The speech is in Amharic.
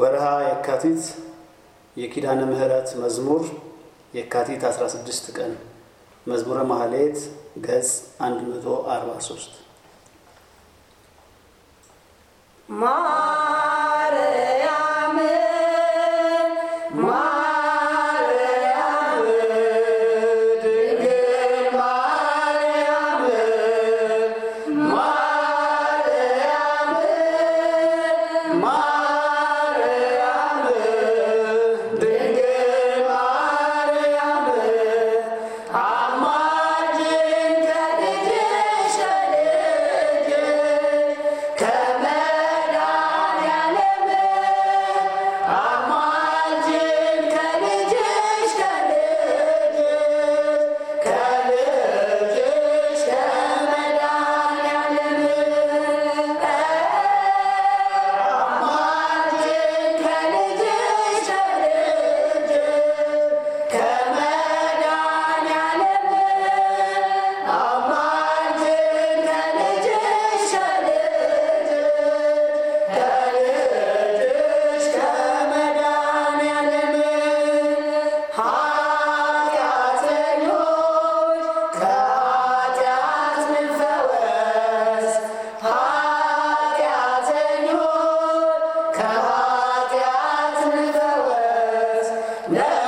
ወርሃ የካቲት የኪዳነ ምሕረት መዝሙር የካቲት 16 ቀን መዝሙረ ማህሌት ገጽ 143 Yeah.